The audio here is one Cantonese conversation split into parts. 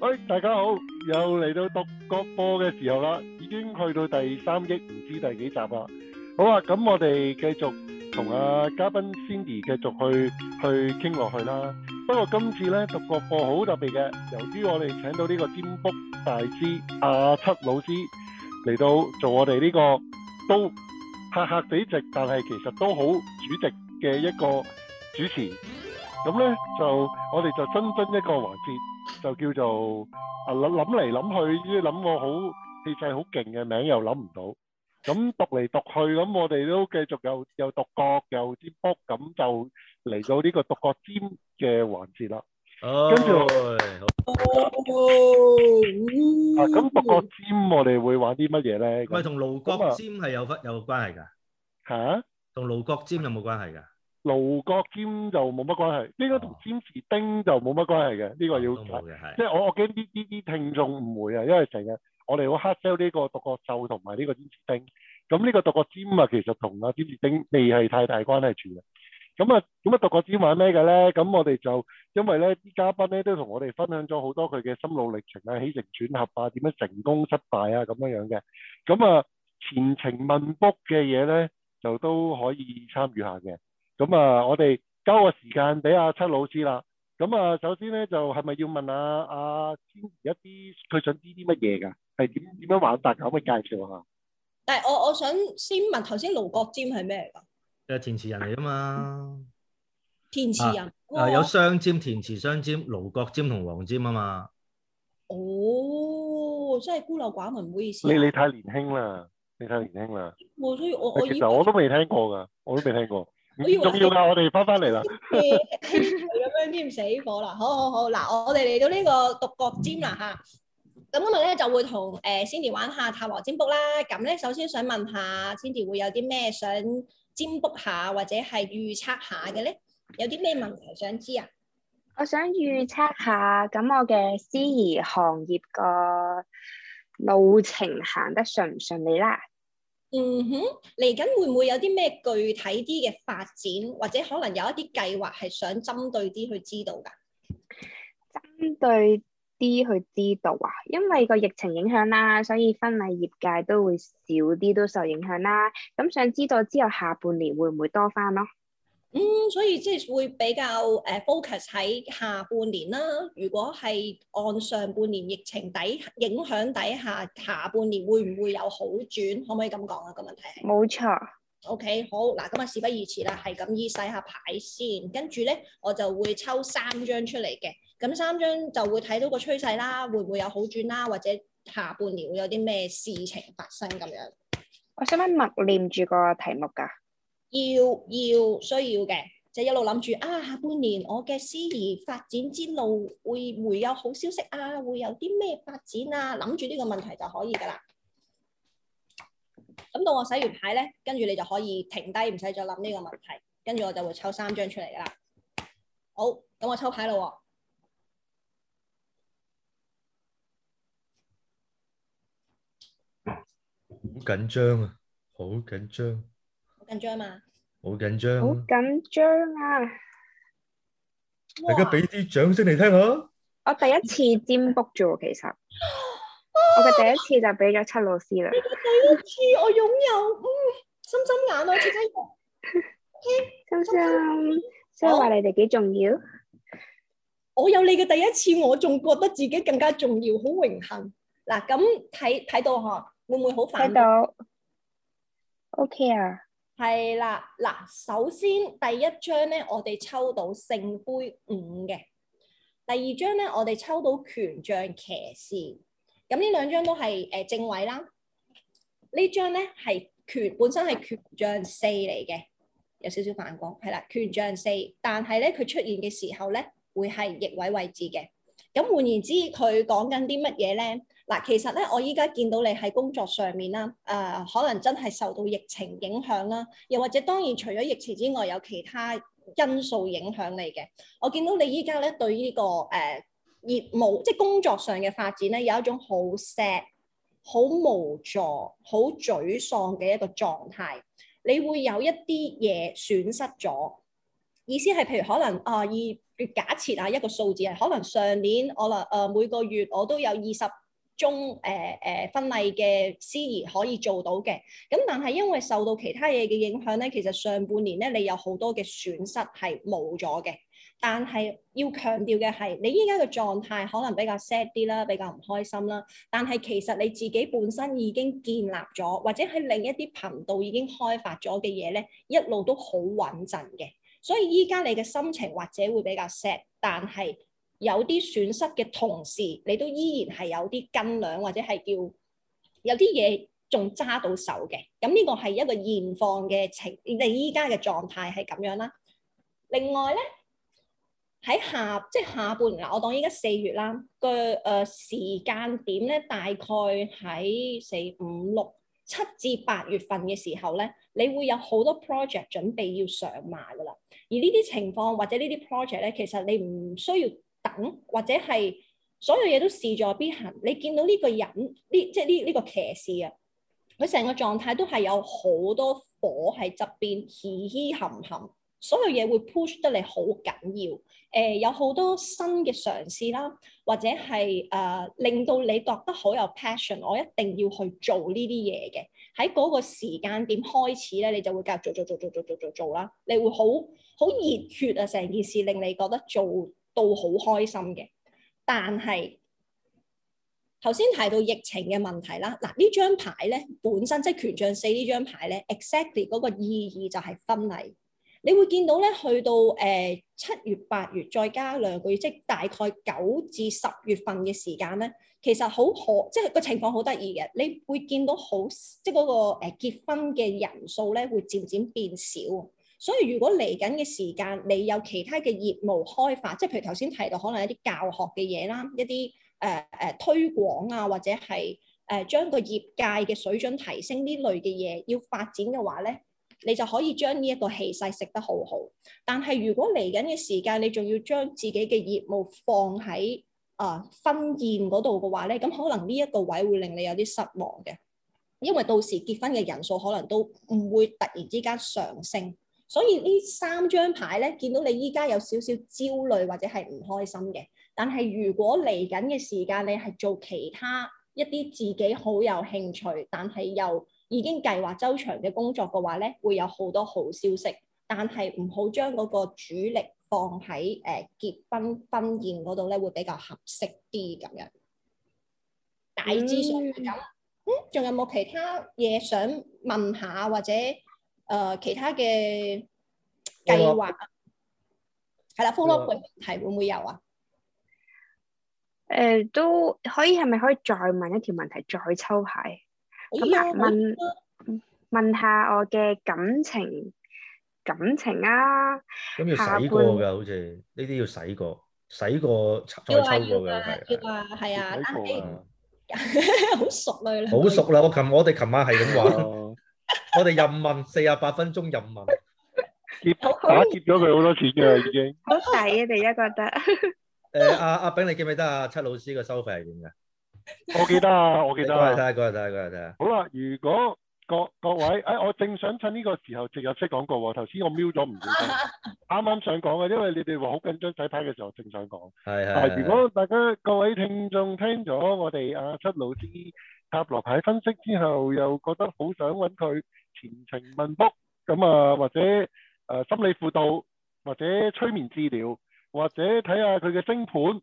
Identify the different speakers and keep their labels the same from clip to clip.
Speaker 1: 喂，hey, 大家好，又嚟到獨角播嘅時候啦，已經去到第三億，唔知第幾集啦。好啊，咁我哋繼續同阿、啊、嘉賓 Cindy 繼續去去傾落去啦。不過今次呢，獨角播好特別嘅，由於我哋請到呢個占卜大師阿、啊、七老師嚟到做我哋呢個都客客席席，但係其實都好主席嘅一個主持。咁呢，就我哋就新增一個環節。就叫做啊，諗諗嚟諗去，諗個好氣勢好勁嘅名又諗唔到，咁讀嚟讀去，咁我哋都繼續又又獨角又占卜，咁就嚟到呢個獨角占嘅環節啦。哦。跟住，哦，啊，咁獨角占，我哋會玩啲乜嘢咧？咪同盧角尖
Speaker 2: 係有分有關係噶？嚇？同盧角尖有冇關係噶？
Speaker 1: 盧國沾就冇乜關係，呢個同詹士丁就冇乜關係嘅。呢、哦、個要即係我，我驚呢呢啲聽眾誤會啊，因為成日我哋會 hard sell 呢個獨角獸同埋呢個詹士丁。咁呢個獨角占啊，其實同阿詹士丁未係太大關係住嘅。咁啊，咁啊，獨角占玩咩嘅咧？咁我哋就因為咧，啲嘉賓咧都同我哋分享咗好多佢嘅心路歷程啊，起承轉合啊，點樣成功失敗啊，咁樣樣嘅。咁啊，前程問卜嘅嘢咧，就都可以參與下嘅。咁啊、嗯，我哋交個時間俾阿七老師啦。咁、嗯、啊，首先咧就係、是、咪要問下阿千一啲，佢想知啲乜嘢噶？係點點樣玩？大家可唔可以介紹下？
Speaker 3: 但係我我想先問頭先盧國沾係咩
Speaker 1: 嚟噶？就填詞人嚟啊嘛。
Speaker 3: 填詞、嗯、人啊、哦、啊有
Speaker 2: 雙沾、填詞雙沾、盧國沾同黃霑啊嘛。
Speaker 3: 哦，真係孤陋寡聞，唔好意思、啊。你你
Speaker 1: 太年輕啦，你太年輕啦。
Speaker 3: 我、哦、所以我，我我其實我，
Speaker 1: 我都未聽過噶，我都未聽過。重要噶，要我哋翻翻嚟啦，
Speaker 3: 咁樣添死火啦。好好好，嗱，我哋嚟到呢個獨角占啦吓，咁我咧就會同誒、呃、Cindy 玩下塔羅占卜啦。咁、啊、咧，首先想問下 Cindy 會有啲咩想占卜下或者係預測下嘅咧？有啲咩問題想知啊？
Speaker 4: 我想預測下，咁我嘅司儀行業個路程行得順唔順利啦？
Speaker 3: 嗯哼，嚟緊會唔會有啲咩具體啲嘅發展，或者可能有一啲計劃係想針對啲去知道㗎？
Speaker 4: 針對啲去知道啊，因為個疫情影響啦、啊，所以婚禮業界都會少啲都受影響啦、啊。咁想知道之後下半年會唔會多翻咯？
Speaker 3: 嗯，所以即係會比較誒、uh, focus 喺下半年啦。如果係按上半年疫情底影響底下，下半年會唔會有好轉？可唔可以咁講啊？這個問題係
Speaker 4: 冇錯。
Speaker 3: 錯 OK，好嗱，咁咪事不宜遲啦，係咁意洗下牌先，跟住咧我就會抽三張出嚟嘅。咁三張就會睇到個趨勢啦，會唔會有好轉啦？或者下半年會有啲咩事情發生咁樣？我
Speaker 4: 想問默念住個題目㗎。
Speaker 3: 要要需要嘅，就一路諗住啊，下半年我嘅司儀發展之路會會有好消息啊，會有啲咩發展啊，諗住呢個問題就可以噶啦。咁到我洗完牌咧，跟住你就可以停低，唔使再諗呢個問題。跟住我就會抽三張出嚟噶啦。好，咁我抽牌啦。
Speaker 2: 好緊張啊，好緊張。
Speaker 4: 緊張嘛？
Speaker 2: 好緊張，好
Speaker 4: 緊張啊！
Speaker 2: 大家俾啲掌聲嚟聽下。
Speaker 4: 哇我第一次占卜咗，其實、啊、我嘅第一次就俾咗七老師啦。啊、
Speaker 3: 你第一次我擁有，嗯，深深眼啊，似己，O K，深深，所以話你哋幾重要我。我有你嘅第一次，我仲覺得自己更加重要，好榮幸。嗱、啊，咁睇睇到嗬，會唔會好快？睇到，O K 啊。係啦，嗱，首先第一張咧，我哋抽到聖杯五嘅，第二張咧，我哋抽到權杖騎士，咁呢兩張都係誒、呃、正位啦。呢張咧，係權，本身係權杖四嚟嘅，有少少反光，係啦，權杖四，但係咧佢出現嘅時候咧，會係逆位位置嘅。咁換言之，佢講緊啲乜嘢咧？嗱，其實咧，我依家見到你喺工作上面啦，誒、呃，可能真係受到疫情影響啦，又或者當然除咗疫情之外，有其他因素影響你嘅。我見到你依家咧對呢、這個誒業務，即係工作上嘅發展咧，有一種好 sad、好無助、好沮喪嘅一個狀態。你會有一啲嘢損失咗。意思係，譬如可能啊，以假設啊一個數字係可能上年我啦，誒、呃、每個月我都有二十宗誒誒婚禮嘅司儀可以做到嘅。咁但係因為受到其他嘢嘅影響咧，其實上半年咧你有好多嘅損失係冇咗嘅。但係要強調嘅係，你依家嘅狀態可能比較 sad 啲啦，比較唔開心啦。但係其實你自己本身已經建立咗，或者喺另一啲頻道已經開發咗嘅嘢咧，一路都好穩陣嘅。所以依家你嘅心情或者會比較 sad，但係有啲損失嘅同時，你都依然係有啲斤兩或者係叫有啲嘢仲揸到手嘅。咁呢個係一個現況嘅情，你依家嘅狀態係咁樣啦。另外咧，喺下即係、就是、下半年啦，我當依家四月啦嘅誒時間點咧，大概喺四五六。七至八月份嘅時候咧，你會有好多 project 準備要上馬噶啦，而呢啲情況或者呢啲 project 咧，其實你唔需要等，或者係所有嘢都事在必行。你見到呢個人呢，即係呢呢個騎士啊，佢成個狀態都係有好多火喺側邊，嘻嘻冚冚。所有嘢會 push 得你好緊要，誒有好多新嘅嘗試啦，或者係誒令到你覺得好有 passion，我一定要去做呢啲嘢嘅。喺嗰個時間點開始咧，你就會繼續做做做做做做做做啦。你會好好熱血啊！成件事令你覺得做到好開心嘅。但係頭先提到疫情嘅問題啦，嗱呢張牌咧本身即係權杖四呢張牌咧，exactly 嗰個意義就係婚禮。你會見到咧，去到誒七月八月，再加兩個月，即係大概九至十月份嘅時間咧，其實好可，即係個情況好得意嘅。你會見到好，即係嗰個誒結婚嘅人數咧，會漸漸變少。所以如果嚟緊嘅時間，你有其他嘅業務開發，即係譬如頭先提到可能一啲教學嘅嘢啦，一啲誒誒推廣啊，或者係誒將個業界嘅水準提升呢類嘅嘢要發展嘅話咧，你就可以將呢一個氣勢食得好好，但係如果嚟緊嘅時間你仲要將自己嘅業務放喺啊、呃、婚宴嗰度嘅話咧，咁可能呢一個位會令你有啲失望嘅，因為到時結婚嘅人數可能都唔會突然之間上升，所以呢三張牌咧，見到你依家有少少焦慮或者係唔開心嘅，但係如果嚟緊嘅時間你係做其他一啲自己好有興趣，但係又已經計劃周詳嘅工作嘅話咧，會有好多好消息。但係唔好將嗰個主力放喺誒、呃、結婚婚宴嗰度咧，會比較合適啲咁樣。大致上，咁，嗯，仲、嗯、有冇其他嘢想問下，或者誒、呃、其他嘅計劃？
Speaker 4: 係啦，follow up 問
Speaker 3: 題會唔會有啊？誒、呃、都
Speaker 4: 可以，係咪可以再問一條問題，再抽牌？咁啊，問問下我嘅感情感情啊，
Speaker 1: 咁要洗過
Speaker 4: 噶，好
Speaker 2: 似呢啲要洗過，洗過再抽過嘅係。啊，係啊，係
Speaker 3: 啊，好熟啦，好
Speaker 2: 熟啦，我琴我哋琴晚係咁話，我哋任問四十八分鐘任問，
Speaker 1: 打劫咗佢好多錢嘅已經。
Speaker 4: 好抵啊！你而家覺得？
Speaker 2: 誒，阿阿炳，你記唔記得阿七老師個收費係點嘅？ 我記得啊，我記得。過晒，過晒，晒。看看好
Speaker 1: 啦，啊，如果各各位，誒、哎，我正想趁呢個時候直入式廣告喎。頭先我瞄咗唔小心，啱啱想講嘅，因為你哋話好緊張睇牌嘅時候，正想講。係係 如果大家各位聽眾聽咗我哋阿、啊、七老師塔羅牌分析之後，又覺得好想搵佢前程問卜，咁啊或者誒、呃、心理輔導，或者催眠治療，或者睇下佢嘅星盤。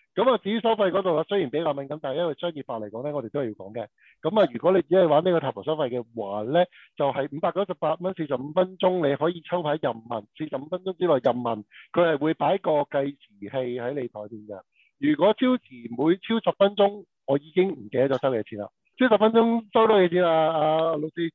Speaker 1: 咁啊，至於收費嗰度啦，雖然比較敏感，但係因為商業化嚟講咧，我哋都係要講嘅。咁啊，如果你只係玩呢個塔羅收費嘅話咧，就係五百九十八蚊，四十五分鐘你可以抽牌任問，四十五分鐘之內任問。佢係會擺個計時器喺你台邊㗎。如果超時每超十分鐘，我已經唔記得咗收幾多錢啦。超十分鐘收多幾錢啊，阿老師？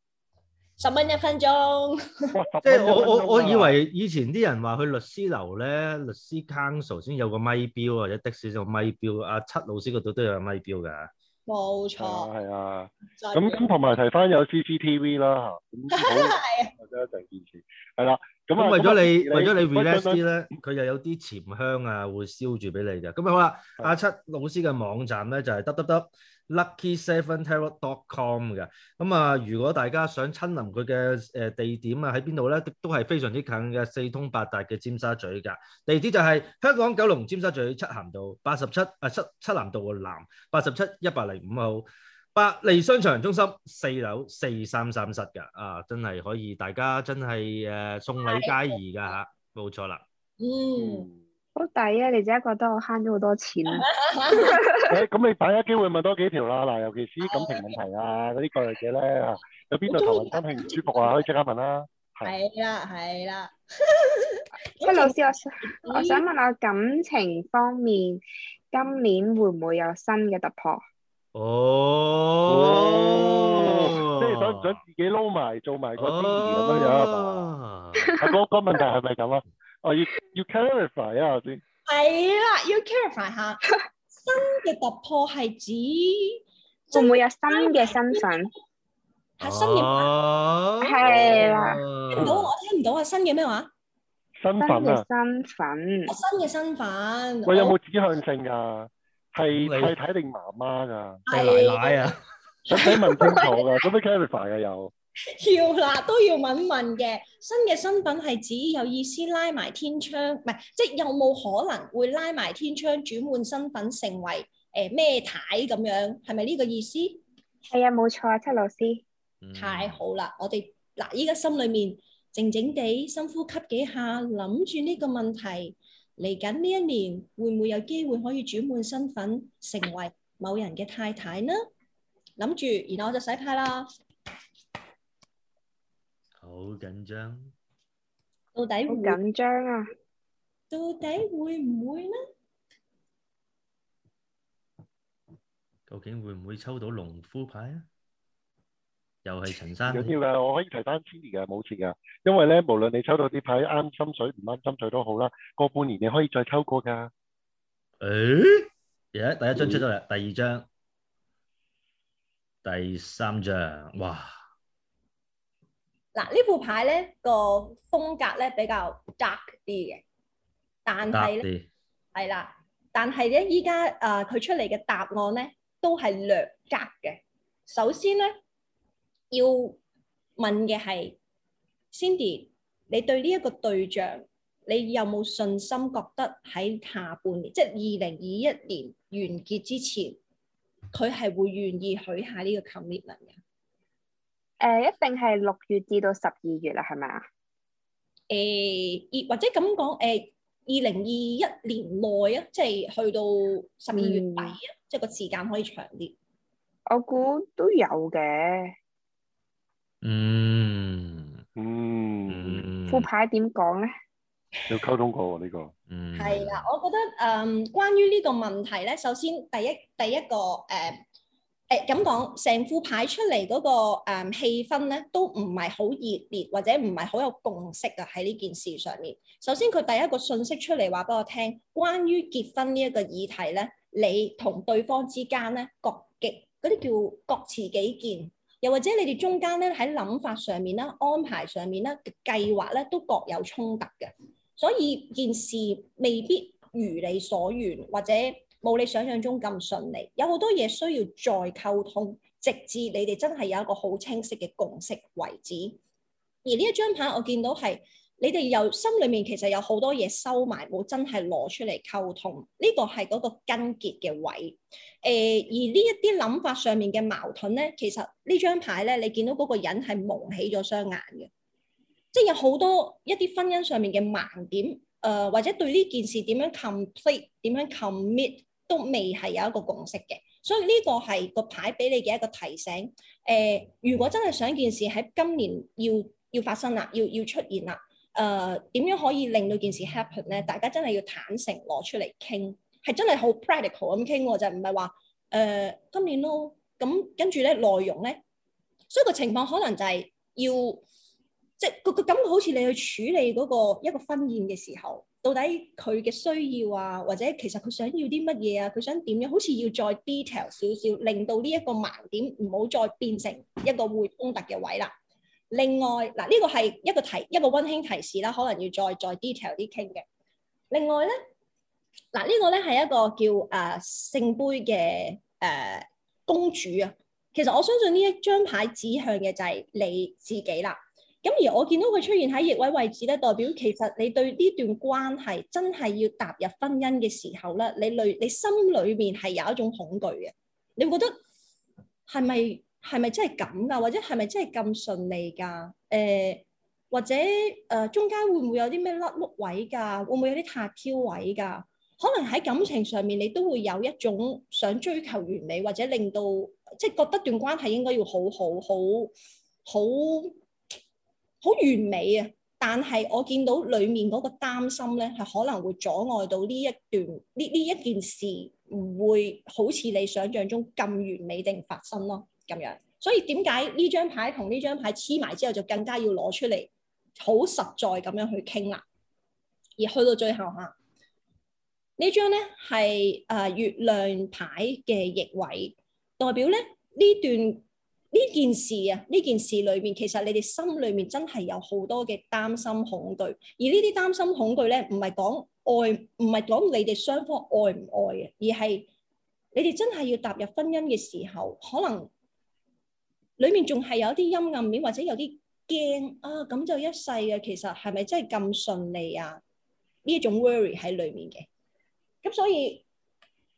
Speaker 3: 十蚊一分鐘。 即，即係我我我以為
Speaker 2: 以前啲人話去律師樓咧，律師 counsel 先有個咪錶或者的士就咪錶。阿、啊、七老師嗰度都有咪錶㗎，冇
Speaker 3: 錯，係啊，
Speaker 2: 咁咁同埋提翻有 CCTV 啦，真
Speaker 4: 係一件好事，
Speaker 2: 係啦。咁啊，為咗你，嗯、為咗你 relax 啲咧，佢、嗯嗯嗯、又有啲潛香啊，會燒住俾你嘅。咁啊，好啦、嗯，阿七老師嘅網站咧就係、是、得得得 luckyseventarot.com 嘅。咁啊，如果大家想親臨佢嘅誒地點啊，喺邊度咧，都係非常之近嘅四通八達嘅尖沙咀㗎。地址就係香港九龍尖沙咀漆咸道八十七啊、呃、七漆咸道嘅南八十七一百零五號。百利商場中心四樓四三三室噶啊，真係可以，大家真係誒送
Speaker 4: 禮佳宜
Speaker 1: 噶吓，冇的錯啦。嗯，
Speaker 4: 好抵啊！你而家覺得我慳咗好多
Speaker 1: 錢咁、 嗯、你第一機會問多幾條啦，嗱，尤其是感情問題啊，嗰啲各樣嘢咧，有邊度頭暈身㷫唔舒服啊？可以即刻問啦、啊。
Speaker 3: 係啦係
Speaker 4: 啦，咁、 嗯、七老師我想,我想問下感情方面，今年會唔會有新嘅突破？
Speaker 1: Oh, 哦，即係想唔想自己撈埋做埋，嗰啲咁樣樣係嘛？嗰嗰問題係咪咁啊？哦、oh, you you clarify 啊，我先 。
Speaker 3: 係啦，要 clarify 下，新嘅突破係指仲會唔會有新嘅身份？
Speaker 1: 吓，新嘅係啦，聽唔到
Speaker 3: 我，聽唔到啊！新嘅咩話？新嘅身份，新嘅身份。喂，有冇
Speaker 1: 指向性㗎？係太太定媽媽噶，係是奶奶啊，使問 問清楚噶，做乜 clarify 嘅又？
Speaker 3: 要啦，都要問問嘅。新嘅身份係指有意思拉埋天窗，唔係即係有冇可能會拉埋天窗轉換身份成為誒咩太咁樣？係咪呢個意思？係啊，冇錯啊，七老師。嗯，太好啦，我哋嗱依家心裏面靜靜地深呼吸幾下，諗住呢個問題。嚟緊呢一年，會唔會有機會可以轉換身份，成為某人嘅太太呢？諗住，然後我就洗牌啦。
Speaker 2: 好緊張，
Speaker 4: 到底好緊張啊！到底會唔會呢？
Speaker 2: 究竟會唔會抽到農夫牌啊？
Speaker 1: 又係陳生，有啲噶，我可以提翻千嘅冇事噶，因為咧，無論你抽到啲牌啱心水唔啱心水都好啦，過半年你可以再抽過噶。誒、欸，而、
Speaker 2: yeah, 家第一張出咗嚟，欸、第二張、第三張，哇！
Speaker 3: 嗱，呢副牌咧個風格咧比較 dark 啲嘅，但係咧係啦，但係咧依家誒佢出嚟嘅答案咧都係略 dark 嘅，首先咧。要問嘅係 Cindy，你對呢一個對象，你有冇信心覺得喺下半年，即係二零二一年完結之前，佢係會願意許下呢個 commitment 嘅？誒、呃，一定係六月至到十二月啦，係咪啊？誒、呃，二或者咁講，誒二零二一年內啊，即係去到十二月底啊，嗯、即係個時間可以長啲。
Speaker 4: 我估都有嘅。
Speaker 1: 嗯嗯，嗯副
Speaker 4: 牌
Speaker 3: 點講咧？
Speaker 1: 要溝通過呢、這個， 嗯，
Speaker 3: 係啦，我覺得誒、嗯，關於呢個問題咧，首先第一第一個誒誒咁講，成、嗯欸、副牌出嚟嗰、嗰個誒氣、嗯、氛咧，都唔係好熱烈或者唔係好有共識啊，喺呢件事上面，首先佢第一個信息出嚟話俾我聽，關於結婚呢一個議題咧，你同對方之間咧各極嗰啲叫各持己見。又或者你哋中間咧喺諗法上面咧、安排上面咧、計劃咧都各有衝突嘅，所以件事未必如你所願，或者冇你想象中咁順利，有好多嘢需要再溝通，直至你哋真係有一個好清晰嘅共識為止。而呢一張牌我見到係。你哋又心裏面其實有好多嘢收埋，冇真係攞出嚟溝通，呢個係嗰個根結嘅位。誒、呃，而呢一啲諗法上面嘅矛盾咧，其實呢張牌咧，你見到嗰個人係矇起咗雙眼嘅，即係有好多一啲婚姻上面嘅盲點，誒、呃、或者對呢件事點樣 complete、點樣 commit 都未係有一個共識嘅。所以呢個係個牌俾你嘅一個提醒。誒、呃，如果真係想件事喺今年要要發生啦，要要出現啦。誒，uh，點樣可以令到件事 happen 咧？大家真係要坦誠攞出嚟傾，係真係好 practical 咁傾喎，就唔係話誒今年咯。咁跟住咧內容咧，所以個情況可能就係要即係個個感覺好似你去處理嗰個一個婚宴嘅時候，到底佢嘅需要啊，或者其實佢想要啲乜嘢啊，佢想點樣？好似要再 detail 少少，令到呢一個盲點唔好再變成一個會衝突嘅位啦。另外嗱，呢個係一個提一個溫馨提示啦，可能要再再 detail 啲傾嘅。另外咧，嗱呢個咧係一個叫誒聖杯嘅誒公主啊。其實我相信呢一張牌指向嘅就係你自己啦。咁而我見到佢出現喺逆位位置咧，代表其實你對呢段關係真係要踏入婚姻嘅時候咧，你內你心裏面係有一種恐懼嘅。你會覺得係咪？是係咪真係咁噶？或者係咪真係咁順利噶？誒、呃，或者誒、呃、中間會唔會有啲咩甩碌位噶？會唔會有啲塌橋位噶？可能喺感情上面，你都會有一種想追求完美，或者令到即係、就是、覺得段關係應該要好好好好好好完美啊！但係我見到裡面嗰個擔心咧，係可能會阻礙到呢一段呢呢一件事唔會好似你想像中咁完美定發生咯。咁樣，所以點解呢張牌同呢張牌黐埋之後，就更加要攞出嚟，好實在咁樣去傾啦。而去到最後吓，呢張咧係誒月亮牌嘅逆位，代表咧呢段呢件事啊，呢件事裏面，其實你哋心裏面真係有好多嘅擔心恐懼，而呢啲擔心恐懼咧，唔係講愛，唔係講你哋雙方愛唔愛嘅，而係你哋真係要踏入婚姻嘅時候，可能。裡面仲係有啲陰暗面，或者有啲驚啊，咁就一世嘅。其實係咪真係咁順利啊？呢一種 worry 喺裡面嘅。咁所以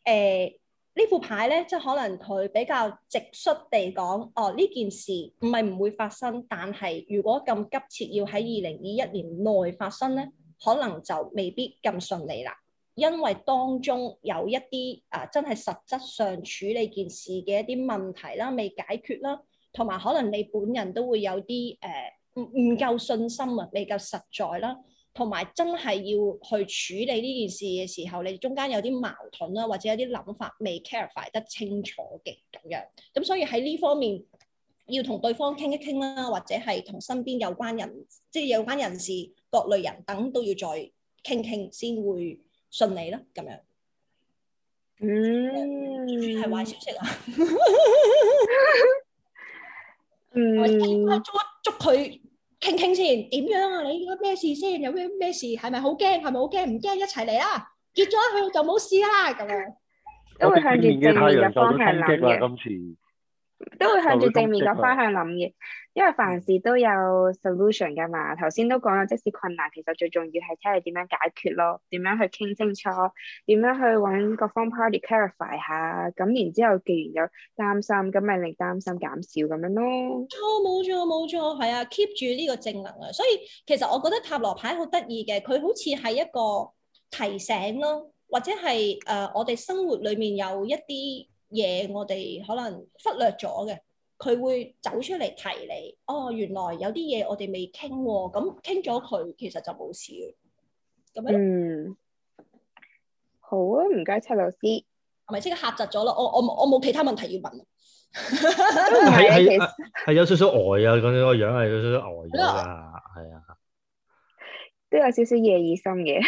Speaker 3: 誒呢、呃、副牌咧，即係可能佢比較直率地講，哦呢件事唔係唔會發生，但係如果咁急切要喺二零二一年內發生咧，可能就未必咁順利啦。因為當中有一啲啊真係實質上處理件事嘅一啲問題啦，未解決啦。同埋可能你本人都會有啲誒唔唔夠信心啊，未夠實在啦，同埋真係要去處理呢件事嘅時候，你中間有啲矛盾啦，或者有啲諗法未 clarify 得清楚嘅咁樣，咁所以喺呢方面要同對方傾一傾啦，或者係同身邊有關人即係有關人士、各類人等都要再傾傾先會順利啦，咁樣。嗯、mm，全係、hmm。壞消息啊！ 我應該捉捉佢傾傾先，點樣啊？你應該咩事先？有咩咩事？係咪好驚？係咪好驚？唔驚？一齊嚟啦，結咗佢就冇事啦。咁樣都會
Speaker 1: 向住正面嘅方向。今次。
Speaker 3: 都會向住正面
Speaker 1: 個方向
Speaker 4: 諗嘅，因為凡事都有 solution 噶嘛。頭先都講咗，即使困難，其實最重要係睇你點樣解決咯，點樣去傾清楚，點樣去搵各方 party clarify 下，咁然之後既然有擔心，咁咪令擔心減少咁樣
Speaker 3: 咯。哦，冇錯冇錯，係啊，keep 住呢個正能量。所以其實我覺得塔羅牌好得意嘅，佢好似係一個提醒咯，或者係誒、呃、我哋生活裏面有一啲。嘢我哋可能忽略咗嘅，佢會走出嚟提你。哦，原來有啲嘢我哋未傾喎，咁傾咗佢其實就冇事嘅，咁樣。
Speaker 4: 嗯，好啊，唔該，七老師。係
Speaker 3: 咪即刻嚇窒咗咯？我我我冇其他問題要問。係係
Speaker 2: 係有少少呆啊！講嗰個樣係有少少呆咗啊！係啊了。
Speaker 4: 都有少少夜已深嘅，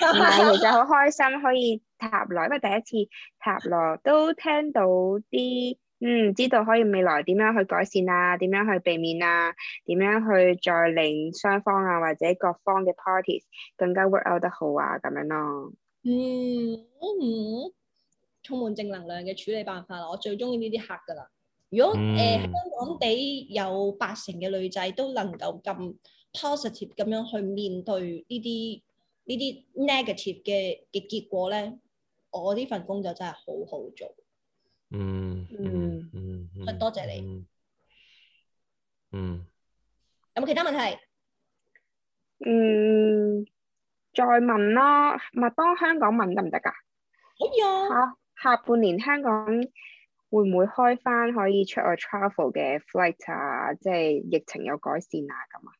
Speaker 4: 但 係是 其實好開心可以塔羅，因為第一次塔羅都聽到啲，嗯，知道可以未來點樣去改善啊，點樣去避免啊，點樣去再令雙方啊或者各方嘅 parties 更加 work out 得好啊，咁樣咯、嗯。
Speaker 3: 嗯，充滿正能量嘅處理辦法，我最中意呢啲客㗎喇。如果誒、嗯呃、香港地有八成嘅女仔都能夠咁，positive 咁樣去面對呢啲呢啲 negative 嘅嘅結果咧，我呢份工作真係好好做。嗯
Speaker 4: 嗯嗯，多謝你。嗯，
Speaker 3: 有冇其他問題？嗯，
Speaker 4: 再問啦，咪當香港問得唔得㗎？可以啊， 下半年香港會唔會開翻可以出外 travel 嘅 flight 啊？即係疫情有改善啊咁啊？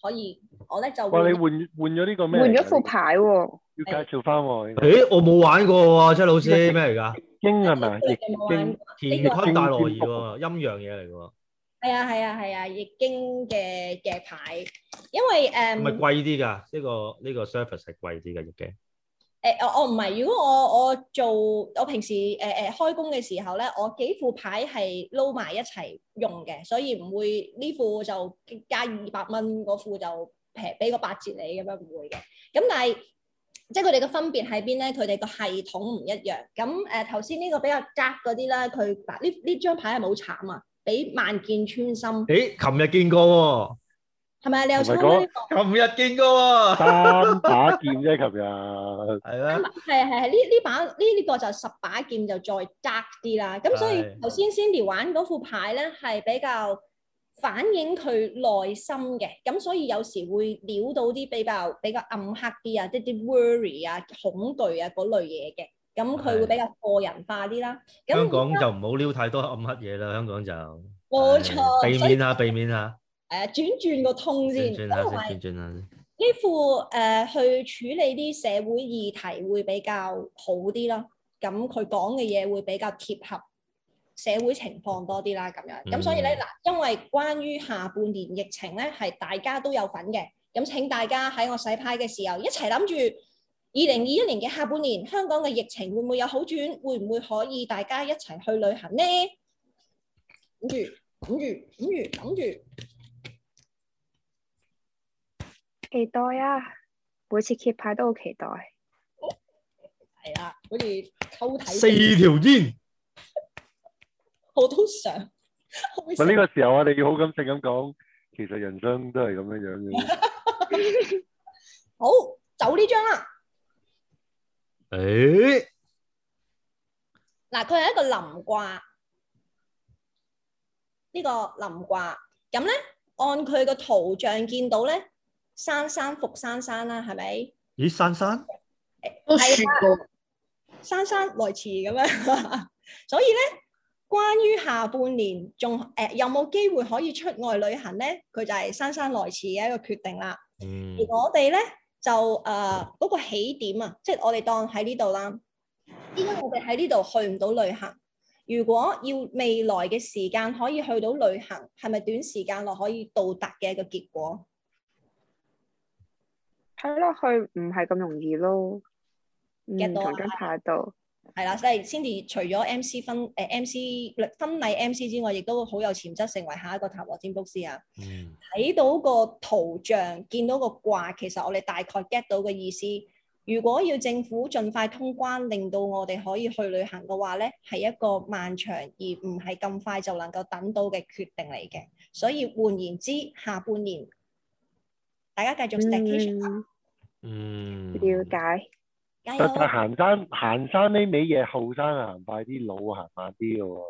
Speaker 3: 可以，我咧
Speaker 4: 就哇你
Speaker 1: 換換咗呢個咩？換咗副
Speaker 4: 牌喎，
Speaker 1: 的要介紹翻喎。誒、這個，我冇玩過
Speaker 2: 喎、啊，七老師咩嚟噶？易經係咪？易經，乾坤大挪移喎，陰陽嘢嚟嘅
Speaker 3: 喎。係啊係啊係啊，易經嘅嘅牌，因為誒唔係
Speaker 2: 貴啲噶，呢、嗯這個呢、這個 service 係貴啲嘅易經。
Speaker 3: 誒我我唔係，如果我我做我平時誒誒、呃呃、開工嘅時候咧，我幾副牌係撈埋一齊用嘅，所以唔會呢副就加二百蚊，嗰副就平俾個八折你咁樣唔會嘅。咁但係即係佢哋嘅分別喺邊咧？佢哋個系統唔一樣。咁誒頭先呢個比較窄嗰啲咧，佢嗱呢呢張牌係冇慘啊，俾萬箭穿心。咦？
Speaker 1: 琴日見過喎、哦。係咪你又抽到琴、這、日、個、見過、啊、 三把劍啫，琴日係啦。係
Speaker 3: 係係，呢呢 把呢呢、呢個就十把劍就再窄啲啦。咁所以頭先 Cindy 玩嗰副牌咧，係比較反映佢內心嘅。咁所以有時會撩到啲比較比較暗黑啲啊，一啲 worry 啊、恐懼啊嗰類嘢嘅。咁佢會比較個人化啲啦。香港就
Speaker 2: 唔好撩太多暗黑嘢啦。香港就
Speaker 3: 冇錯，避免，下，以避免
Speaker 2: 下，避免下。
Speaker 3: 誒轉轉個通先，因為呢副誒、呃、去處理啲社會議題會比較好啲咯。咁佢講嘅嘢會比較貼合社會情況多啲啦。咁樣咁、嗯、所以咧嗱，因為關於下半年疫情咧，係大家都有份嘅。咁請大家喺我洗牌嘅時候，一齊諗住二零二一年嘅下半年香港嘅疫情會唔會有好轉？會唔會可以大家一齊去旅行咧？諗住諗住諗住諗住。
Speaker 4: 期待啊！每次揭牌都好期待。
Speaker 2: 係啊，好似
Speaker 3: 抽睇
Speaker 2: 四
Speaker 1: 條煙，
Speaker 3: 我都想。咪呢個時候啊，
Speaker 1: 我哋要好感性咁講，其實人生都係咁樣樣嘅。
Speaker 3: 好，就呢張啦。誒，嗱，佢係一個臨卦，呢個臨卦，咁咧，按佢個圖像見到咧。山山復山山啦，啊，係咪？
Speaker 2: 咦，山山，
Speaker 3: 欸、都試過，山山來遲咁樣。 所以咧，關於下半年仲誒、呃、有冇機會可以出外旅行咧？佢就係山山來遲嘅一個決定啦。嗯、而我哋咧就誒嗰、呃嗰個起點啊，即係我哋當喺呢度啦。依家我哋喺呢度去唔到旅行。如果要未來嘅時間可以去到旅行，係咪短時間內可以到達嘅一個結果？
Speaker 4: 睇落去唔係咁容易咯，同張牌度
Speaker 3: 係啦，所以 Cindy 除咗 M C 分，誒 M C 婚禮 M C 之外，亦都好有潛質成為下一個塔羅占卜師啊！嗯，睇到個圖像，見到個卦，其實我哋大概 get 到個意思。如果要政府盡快通關，令到我哋可以去旅行嘅話咧，係一個漫長而唔係咁快就能夠等到嘅決定嚟嘅。所以換言之，下半年。大家繼續食，瞭解，加油！
Speaker 1: 行山，行山呢味嘢，後生行快啲，老行慢啲嘅喎。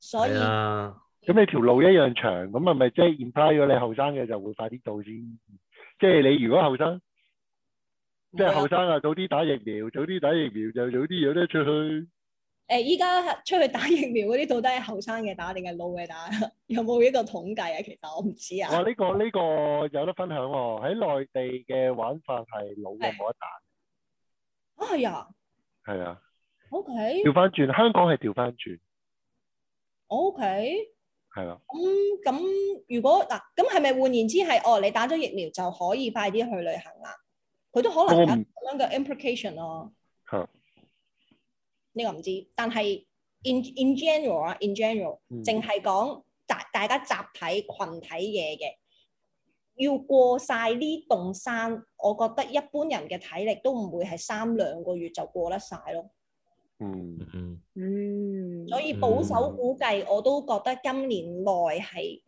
Speaker 1: 所以咁你條路一樣長，咁係咪即係 imply 咗你後生嘅就會快啲到先？即係你如果後生，即係後生啊，早啲打疫苗，早啲打疫苗就早啲有得出去。
Speaker 3: 誒，依家出去打疫苗嗰啲，到底係後生嘅打定係老嘅打？有冇一個統計啊？其實我唔知啊。哇，呢、這個
Speaker 1: 呢、這個有得分享喎、哦！喺內地嘅玩法係老嘅冇的得打。
Speaker 3: 啊，係啊。係啊的。O K。調翻
Speaker 1: 轉，香港係調翻轉。
Speaker 3: O Okay ? K 的。係咯、嗯。咁咁，如果嗱，咁係咪換言之係，哦，你打咗疫苗就可以快啲去旅行啦？佢都可能有咁樣嘅 implication 咯、嗯。哦。呢個唔知，但係 in in general，in general，淨係講大大家集體群體嘢嘅，要過晒呢棟山，我覺得一般人嘅體力都唔會係三兩個月就過得晒咯。嗯嗯嗯，嗯嗯，所以保守估計，嗯、我都覺得今年內係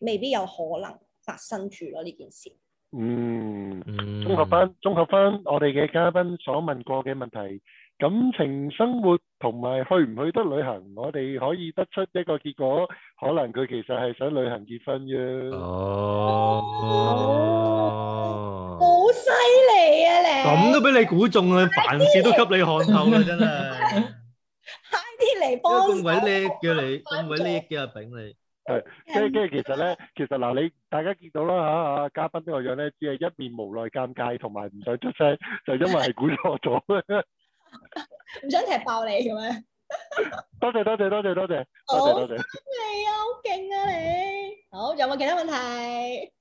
Speaker 3: 未必有可能發生住咯呢件事。嗯，
Speaker 1: 綜合翻綜合翻我哋嘅嘉賓所問過嘅問題。感情生活同埋去唔去得旅行，我哋可以得出一個結果，可能佢其實係想旅行結婚嘅。哦，
Speaker 3: 好犀利啊！你咁都
Speaker 1: 俾你估中啦，凡事都給你看透啦，真係。
Speaker 3: 嗨啲嚟幫手，咁鬼
Speaker 1: 叻嘅你，咁鬼叻嘅阿炳，你。係，跟住跟住，其實咧，其實嗱，你大家見到啦吓，嘉賓呢個樣咧，只係一面無奈、尷尬，同埋唔使出聲，就因為係估錯咗。
Speaker 3: 唔 想踢爆你咁樣，
Speaker 1: 多 謝多謝多謝多謝，好犀
Speaker 3: 利啊，好勁啊你，好 Okay. 有冇其他問題？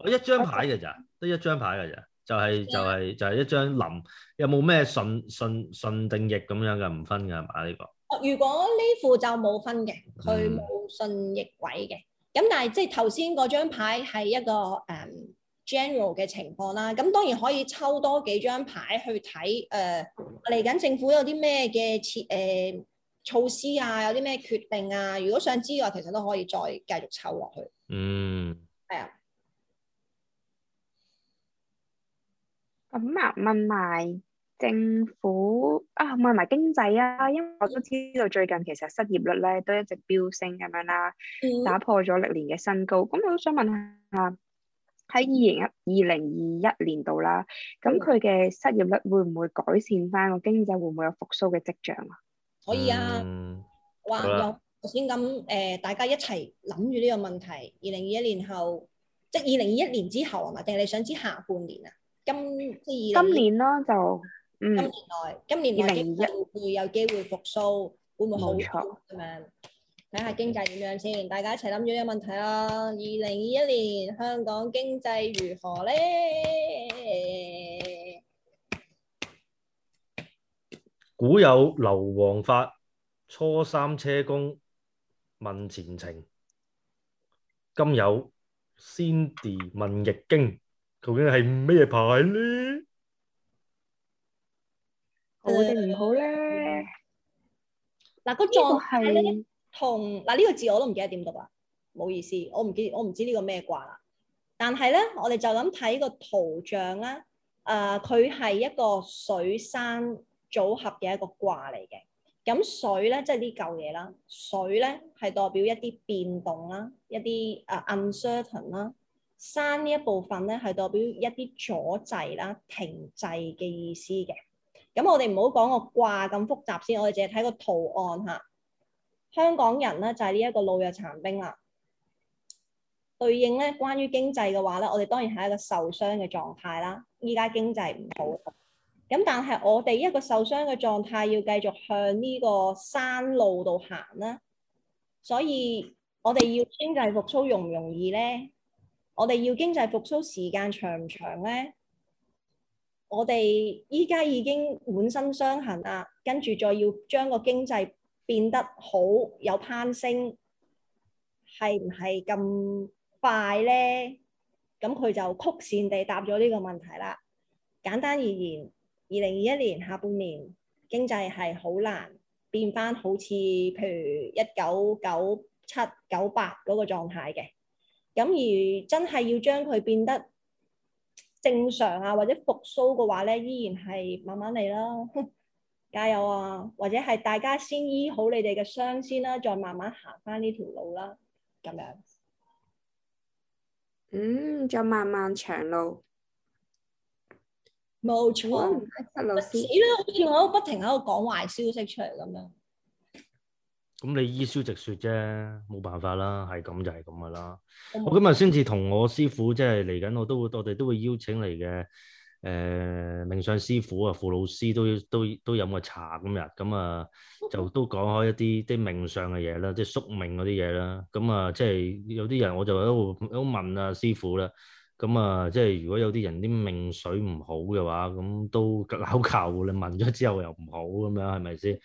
Speaker 1: 我一張牌嘅咋，
Speaker 2: 得一張牌嘅咋，就係、是、Yeah. 就係就係一張林，有冇咩、mm. 順順順定逆咁樣嘅唔分嘅係嘛呢個？
Speaker 3: 哦，如果呢副就冇分嘅，佢冇順逆位嘅，咁但係即係頭先嗰張牌係一個誒。General 嘅情況啦，咁當然可以抽多幾張牌去睇，誒嚟緊政府有啲咩嘅設誒、呃、措施啊，有啲咩決定啊？如果想知嘅話，其實都可以再繼續抽落去。嗯，
Speaker 4: 係啊的。咁啊，問埋政府啊，問埋經濟啊，因為我都知道最近其實失業率呢都一直飆升咁樣啦，打破咗歷年嘅新高。咁我都想問下。喺二零一二零二一年度啦，咁佢嘅失業率會唔會改善翻？個經濟會唔會有復蘇嘅跡象啊？
Speaker 3: 可以啊，話有頭先咁誒，大家一齊諗住呢個問題。二零二一年後，即係二零二一年之後係嘛？定係你想知下半年啊？今即係二零二一
Speaker 4: 年咯，就、嗯、今年
Speaker 3: 內，今年內會唔會有機會復蘇？嗯、會唔會好？嗯嗯嗯嗯嗯嗯睇下經濟點樣先，大家一齊諗住呢個問題咯。二零二一年香港經濟如何咧？
Speaker 2: 古有劉皇發初三車公問前程，今有 Cindy 問易經，究竟係咩牌咧？
Speaker 3: 好定唔好咧？嗱，個狀係。同嗱呢、這個字我都唔記得點讀啦，唔好意思，我唔記，我唔知呢個咩卦啦。但係咧，我哋就咁睇個圖像啦。誒、呃，佢係一個水山組合嘅一個卦嚟嘅。咁、嗯、水咧，即係呢舊嘢啦。水咧係代表一啲變動啦，一啲誒、uh, uncertain 啦。山呢一部分咧係代表一啲阻滯啦、停滯嘅意思嘅。咁、嗯、我哋唔好講個卦咁複雜先，我哋淨係睇個圖案嚇。香港人咧就係呢一個老弱殘兵啦。對應咧關於經濟嘅話咧，我哋當然係一個受傷嘅狀態啦。而家經濟唔好，咁但係我哋一個受傷嘅狀態要繼續向呢個山路度行啦。所以我哋要經濟復甦容唔容易咧？我哋要經濟復甦時間長唔長咧？我哋依家已經滿身傷痕啊，跟住再要將個經濟。變得好有攀升，係唔係咁快咧？咁佢就曲線地答咗呢個問題啦。簡單而言，二零二一年下半年經濟係好難變返好似譬如一九九七九八嗰個狀態嘅。咁而真係要將佢變得正常啊，或者復甦嘅話咧，依然係慢慢嚟啦。加油啊！或者係大家先醫好你哋嘅傷先啦、啊，再慢慢行返呢條路啦。咁樣，
Speaker 4: 嗯，仲有漫漫長路，
Speaker 3: 冇錯。老師，死啦！好似我不停喺度講壞消息出嚟咁樣。
Speaker 2: 咁你依說直說啫，冇辦法啦，係咁就係咁噶啦。Oh. 我今日先至同我師傅即係嚟緊，我都會我哋都會邀請你嘅。誒命、呃、相師傅啊，傅老師都都都飲過茶今日，咁啊就都講開一啲啲命相嘅嘢啦，即係宿命嗰啲嘢啦，咁啊即係有啲人我就喺度喺度問啊師傅啦，咁啊即係如果有啲人啲命水唔好嘅話，咁都拗撬你問咗之後又唔好咁樣，係咪先？咁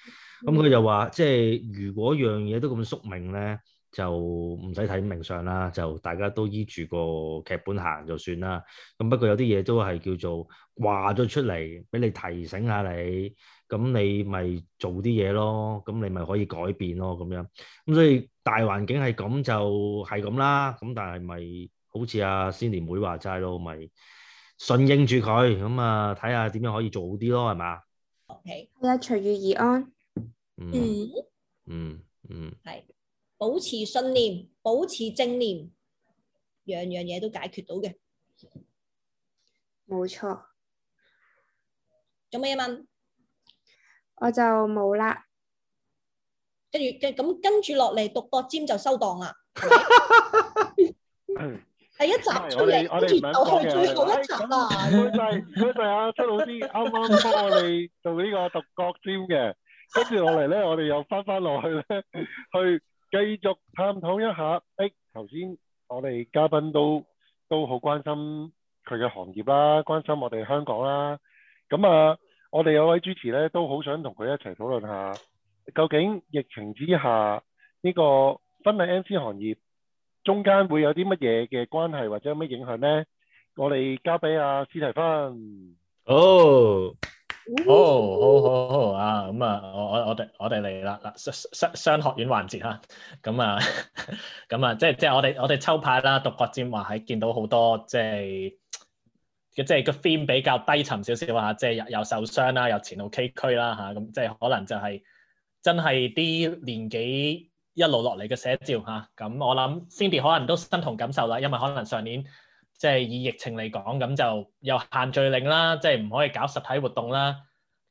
Speaker 2: 佢、啊嗯、就話即係如果樣嘢都咁宿命咧。就唔使睇名相啦，就大家都依住個劇本行就算啦。咁不過有啲嘢都係叫做話咗出嚟俾你提醒下你，咁你咪做啲嘢咯。咁你咪可以改變咯，咁樣咁所以大環境係咁就係咁啦。咁但係咪好似阿先年妹話齋咯，咪順應住佢咁啊？睇下點樣可以做好啲咯，係嘛
Speaker 3: ？OK 係啊，隨遇而安。嗯嗯嗯，係。保持信念，保持正念，樣樣嘢都解決到嘅。冇錯。做咩問？我就冇啦。跟住，跟咁跟住落嚟獨角占就收檔啦。第一集出嚟，跟住就
Speaker 1: 去最後一集啦。恭喜恭喜啊，阿七老師！啱啱幫我哋做呢個獨角占嘅，跟住落嚟咧，我哋又翻翻落去咧，去。繼續探討一下，誒頭先我哋嘉賓都都好關心佢嘅行業啦，關心我哋香港啦。咁啊，我哋有位主持呢都好想同佢一齊討論下，究竟疫情之下呢、呢個婚禮 MC 行業中間會有啲乜嘢嘅關係或者有咩影響呢？我哋交俾阿、啊、斯提芬。
Speaker 5: 哦。Oh. 好，好好好啊，咁啊，我我我哋我哋嚟啦，嗱，商商學院環節哈，咁啊，咁啊，即係即係我哋我哋抽牌啦，獨角占話係見到好多即係，即係個 feel 比較低沉少少啊，即係又又受傷啦，又前路崎嶇啦吓，咁即係可能就係真係啲年紀一路落嚟嘅寫照吓，咁我諗 Cindy 可能都身同感受啦，因為可能上年。即係以疫情嚟講，咁就有限聚令啦，即係唔可以搞實體活動啦。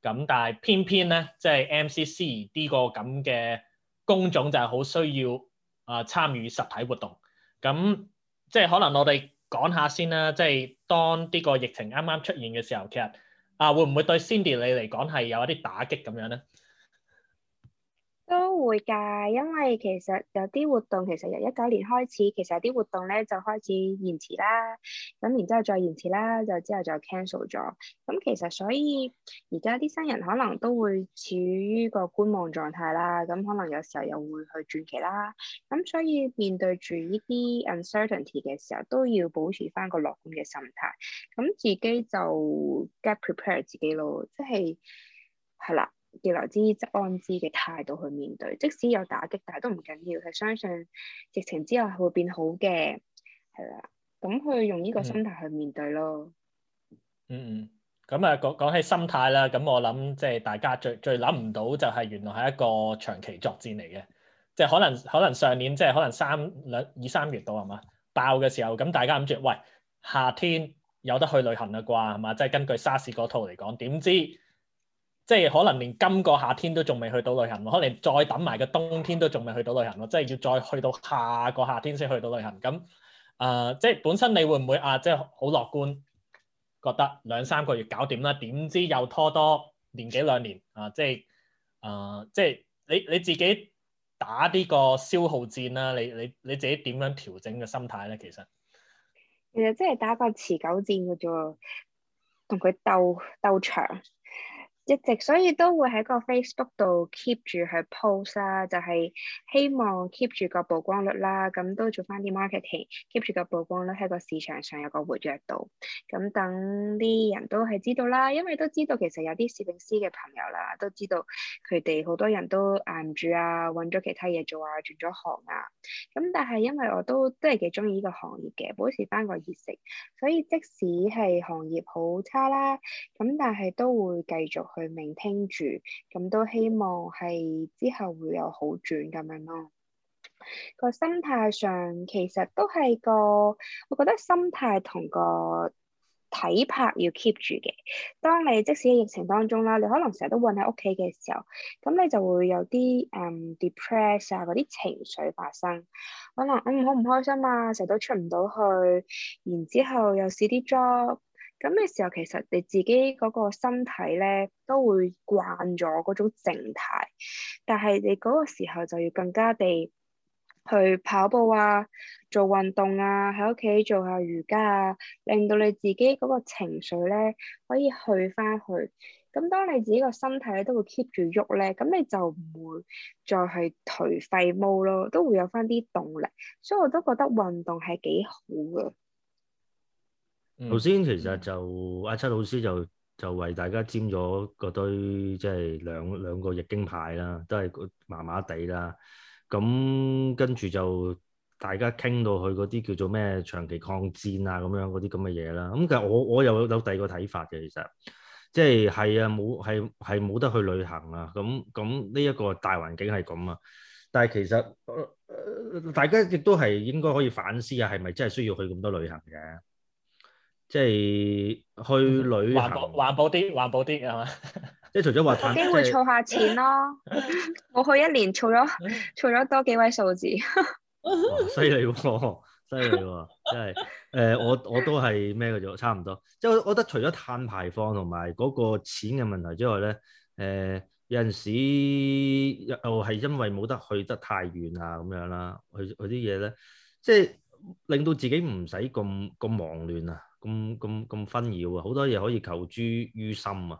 Speaker 5: 咁但係偏偏咧，即係 MCC 呢個咁嘅工種就係好需要啊參與實體活動。咁即係可能我哋講下先啦，即係當呢個疫情啱啱出現嘅時候，其實啊會唔會對 Cindy 你嚟講係有一啲打擊咁樣咧？
Speaker 4: 都會㗎，因為其實有啲活動其實由一九年開始，其實有啲活動咧就開始延遲啦，咁然之後再延遲啦，就之後就 cancel 咗。咁其實所以而家啲新人可能都會處於個觀望狀態啦，咁可能有時候又會去轉期啦。咁所以面對住呢啲 uncertainty 嘅時候，都要保持翻個樂觀嘅心態，咁自己就 get prepare 自己咯，即係係啦。既來之、則安之嘅態度去面對，即使有打擊，但係都唔緊要，係相信疫情之後會變好嘅，係啦。咁佢用呢個心態去面對咯。嗯嗯，
Speaker 5: 咁、嗯、啊、嗯嗯，講講起心態啦，咁我諗即係大家最最諗唔到就係原來係一個長期作戰嚟嘅，即係可能可能上年即係可能三兩二三月度係嘛爆嘅時候，咁大家諗住喂，夏天有得去旅行啦啩係嘛？即係根據沙士嗰套嚟講，點知？即係可能連今個夏天都仲未去到旅行，可能再等埋個冬天都仲未去到旅行咯。即係要再去到下個夏天先去到旅行。咁誒、呃，即係本身你會唔會啊？即係好樂觀，覺得兩三個月搞掂啦。點知又拖多年幾兩年啊？即係誒、呃，即係你你自己打呢個消耗戰啦、啊。你你你自己點樣調整個心態咧？其實
Speaker 4: 其實即係打個持久戰㗎啫，同佢鬥鬥長。一直，直所以都會喺個 Facebook 度 keep 住去 post 啦，就係希望 keep 住個曝光率啦，咁都做翻啲 marketing，keep 住個曝光率喺個市場上有個活躍度，咁等啲人都係知道啦。因為都知道其實有啲攝影師嘅朋友啦，都知道佢哋好多人都捱唔住啊，揾咗其他嘢做啊，轉咗行啊。咁但係因為我都都係幾中意呢個行業嘅，保持翻個熱誠，所以即使係行業好差啦，咁但係都會繼續去。去明聽住，咁都希望係之後會有好轉咁樣咯。個心態上其實都係個，我覺得心態同個體魄要 keep 住嘅。當你即使喺疫情當中啦，你可能成日都韞喺屋企嘅時候，咁你就會有啲誒 depress 啊嗰啲情緒發生，可能嗯好唔開心啊，成日都出唔到去，然之後又試啲 job。咁嘅時候，其實你自己嗰個身體咧都會慣咗嗰種靜態，但係你嗰個時候就要更加地去跑步啊，做運動啊，喺屋企做下瑜伽啊，令到你自己嗰個情緒咧可以去翻去。咁當你自己個身體咧都會 keep 住喐咧，咁你就唔會再係頹廢毛咯，都會有翻啲動力。所以我都覺得運動係幾好㗎。
Speaker 2: 頭先其實就阿、嗯啊、七老師就就為大家占咗個堆，即係兩兩個易經牌啦，都係麻麻地啦。咁、嗯、跟住就大家傾到去嗰啲叫做咩長期抗戰啊，咁樣嗰啲咁嘅嘢啦。咁、嗯、其實我我又有第二個睇法嘅，其實即係係啊，冇係係冇得去旅行啊。咁咁呢一個大環境係咁啊，但係其實、呃、大家亦都係應該可以反思啊，係咪真係需要去咁多旅行嘅？即係
Speaker 5: 去旅行，環保環保啲，環保啲係嘛？ 即係除咗話碳會儲下
Speaker 4: 錢咯，我去一年儲咗儲咗多幾位數字，
Speaker 2: 犀利喎，犀利喎，真係誒我我都係咩嘅啫，差唔多。即係我覺得除咗碳排放同埋嗰個錢嘅問題之外咧，誒、呃、有陣時又係因為冇得去得太遠啊咁樣啦、啊，去啲嘢咧，即係令到自己唔使咁咁忙亂啊。咁咁咁紛擾啊！好多嘢可以求諸於心啊！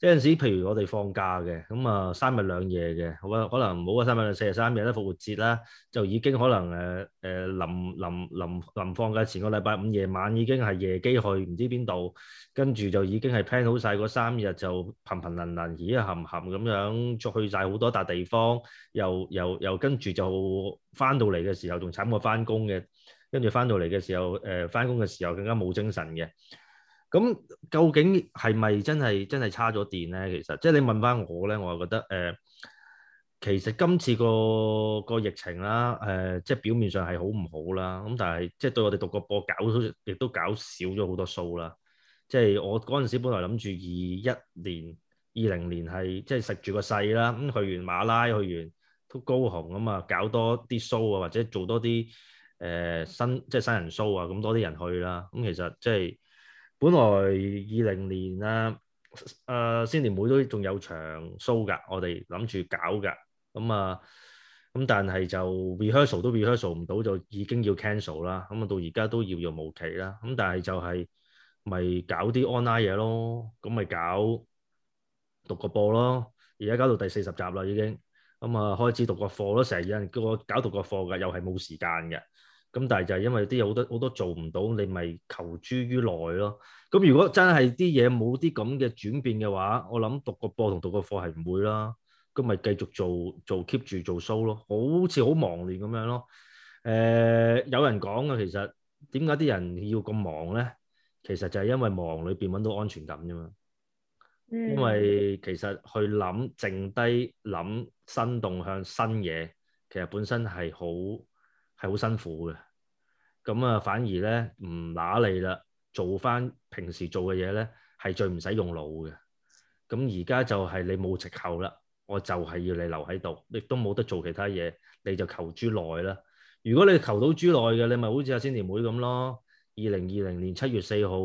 Speaker 2: 即係有陣時，譬如我哋放假嘅，咁啊三日兩夜嘅，好啊，可能唔好嗰三日四日三日啦，復活節啦，就已經可能誒誒、呃、臨臨臨臨放假前個禮拜五夜晚已經係夜機去唔知邊度，跟住就已經係 plan 好晒嗰三日就頻頻輪輪而家含含咁樣出去晒好多笪地方，又又又跟住就翻到嚟嘅時候仲慘過翻工嘅。跟住翻到嚟嘅時候，誒翻工嘅時候更加冇精神嘅。咁、嗯、究竟係咪真係真係差咗電咧？其實即係你問翻我咧，我就覺得誒、呃，其實今次個個疫情啦，誒、呃、即係表面上係好唔好啦。咁但係即係對我哋獨角播搞亦都搞少咗好多 show 啦。即係我嗰陣時本來諗住二一年、二零年係即係食住個勢啦，咁去完馬拉，去完都高雄啊嘛，搞多啲 show 啊，或者做多啲。誒、呃、新即係新人 show 啊，咁多啲人去啦。咁、嗯、其實即係、就是、本來二零年啊，誒先年會都仲有場 show 㗎，我哋諗住搞㗎。咁、嗯、啊，咁、嗯、但係就 rehearsal 都 rehearsal 唔到，就已經要 cancel 啦。咁、嗯、啊，到而家都遙遙無期啦。咁、嗯、但係就係、是、咪、就是、搞啲 online 嘢咯？咁咪搞獨角播咯。而家搞到第四十集啦，已經咁啊、嗯，開始獨角課咯。成日有人叫我搞獨角課㗎，又係冇時間嘅。咁但係就係因為啲嘢好多好多做唔到，你咪求諸於內咯。咁如果真係啲嘢冇啲咁嘅轉變嘅話，我諗讀個博同讀個課係唔會啦。咁咪繼續做做 keep 住做 show 咯，好似好忙亂咁樣咯。誒，有人講嘅，其實點解啲人要咁忙咧？其實就係因為忙裏邊搵到安全感啫嘛。
Speaker 1: 因為
Speaker 2: 其實去諗剩低諗新動向、新嘢，其實本身係好。係好辛苦嘅，咁啊反而咧唔揦脷啦，做翻平時做嘅嘢咧係最唔使用，用腦嘅。咁而家就係你冇藉口啦，我就係要你留喺度，亦都冇得做其他嘢，你就求諸內啦。如果你求到諸內嘅，你咪好似阿 Cindy 妹咁咯。二零二零年七月四號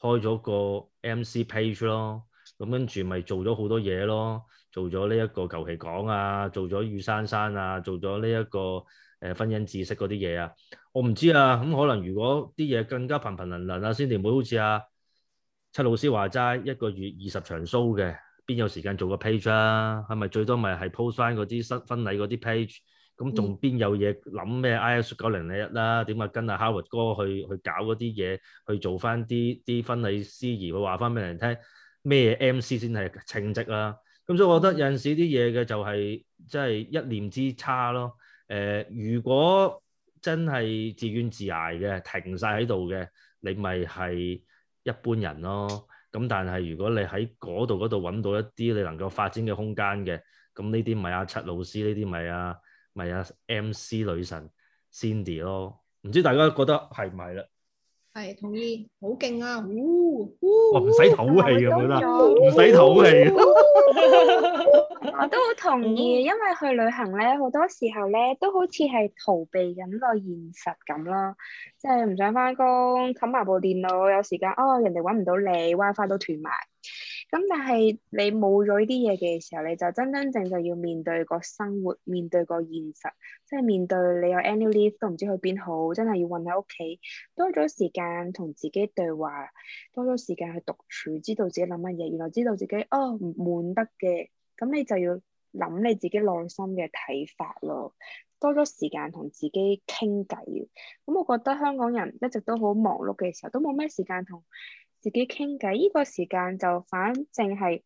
Speaker 2: 開咗個 MC page 咯，咁跟住咪做咗好多嘢咯，做咗呢一個求其講啊，做咗雨珊珊啊，做咗呢一個。誒婚姻知識嗰啲嘢啊，我唔知啊，咁、嗯、可能如果啲嘢更加頻頻臨臨啊，先至唔會好似阿七老師話齋一個月二十場 show 嘅，邊有時間做個 page 啊？係咪最多咪係 post 翻嗰啲新婚禮嗰啲 page？咁仲邊有嘢諗咩？I S 九零零一啦，點啊跟阿 Howard 哥去去搞嗰啲嘢，去做翻啲啲婚禮司儀，話翻俾人聽咩 MC 先係稱職啊？咁所以我覺得有陣時啲嘢嘅就係即係一念之差咯。誒、呃，如果真係自怨自艾嘅，停晒喺度嘅，你咪係一般人咯。咁但係如果你喺嗰度嗰度揾到一啲你能夠發展嘅空間嘅，咁呢啲咪阿七老師，呢啲咪阿咪阿 MC 女神 Cindy 咯。唔知大家覺得係唔係啦？
Speaker 3: 係同意，
Speaker 2: 好勁啊！唔使唞氣咁、哦、我覺得唔使唞氣。哦、
Speaker 3: 我
Speaker 4: 都好同意，因為去旅行咧，好多時候咧都好似係逃避緊個現實咁咯，即係唔想翻工，冚埋部電腦，有時間哦，人哋揾唔到你，WiFi 都斷埋。咁但係你冇咗呢啲嘢嘅時候，你就真真正正就要面對個生活，面對個現實，即係面對你有 annual leave 都唔知去邊好，真係要韞喺屋企，多咗時間同自己對話，多咗時間去獨處，知道自己諗乜嘢，原來知道自己哦悶得嘅，咁你就要諗你自己內心嘅睇法咯，多咗時間同自己傾偈，咁我覺得香港人一直都好忙碌嘅時候，都冇咩時間同自己傾偈，呢、這個時間就反正係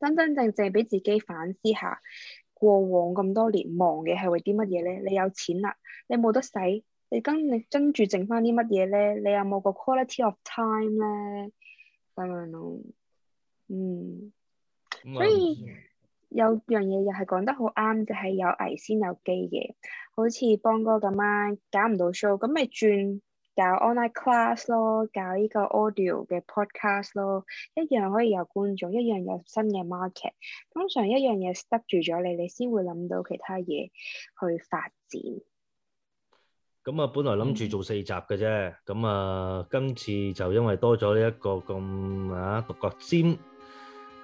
Speaker 4: 真真正正俾自己反思下，過往咁多年忙嘅係為啲乜嘢咧？你有錢啦，你冇得使，你跟你跟住剩翻啲乜嘢咧？你有冇個 quality of time 咧？咁樣咯，嗯，嗯所以、嗯、有樣嘢又係講得好啱，就係有危先有機嘅。好似邦哥咁啊，搞唔到 show，咁咪轉。搞 online class 咯，搞呢個 audio 嘅 podcast 咯，一樣可以有觀眾，一樣有新嘅 market。通常一樣嘢塞住咗你，你先會諗到其他嘢去發展。
Speaker 2: 咁啊、嗯，本來諗住做四集嘅啫，咁啊，今次就因為多咗一個咁啊獨角占，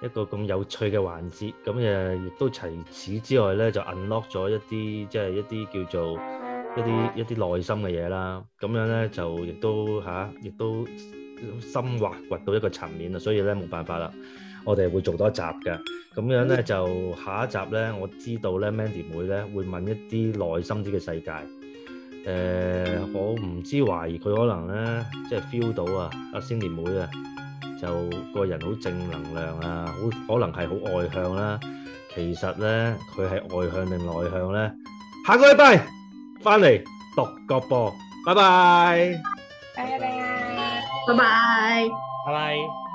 Speaker 2: 一個咁有趣嘅環節，咁誒亦都除此之外咧，就 unlock 咗一啲即係一啲叫做，一啲一啲內心嘅嘢啦，咁樣咧就亦都吓，亦、啊、都深挖掘到一個層面啊，所以咧冇辦法啦，我哋會做多一集嘅，咁樣咧就下一集咧，我知道咧 Mandy 妹咧會問一啲內心啲嘅世界，誒、呃，我唔知懷疑佢可能咧即係 feel 到啊，阿 Cindy 妹啊，就個人好正能量啊，好可能係好外向啦，其實咧佢係外向定內向咧？下個禮拜。返嚟讀個
Speaker 5: 播，拜拜，拜
Speaker 4: 拜，拜拜，
Speaker 5: 拜拜。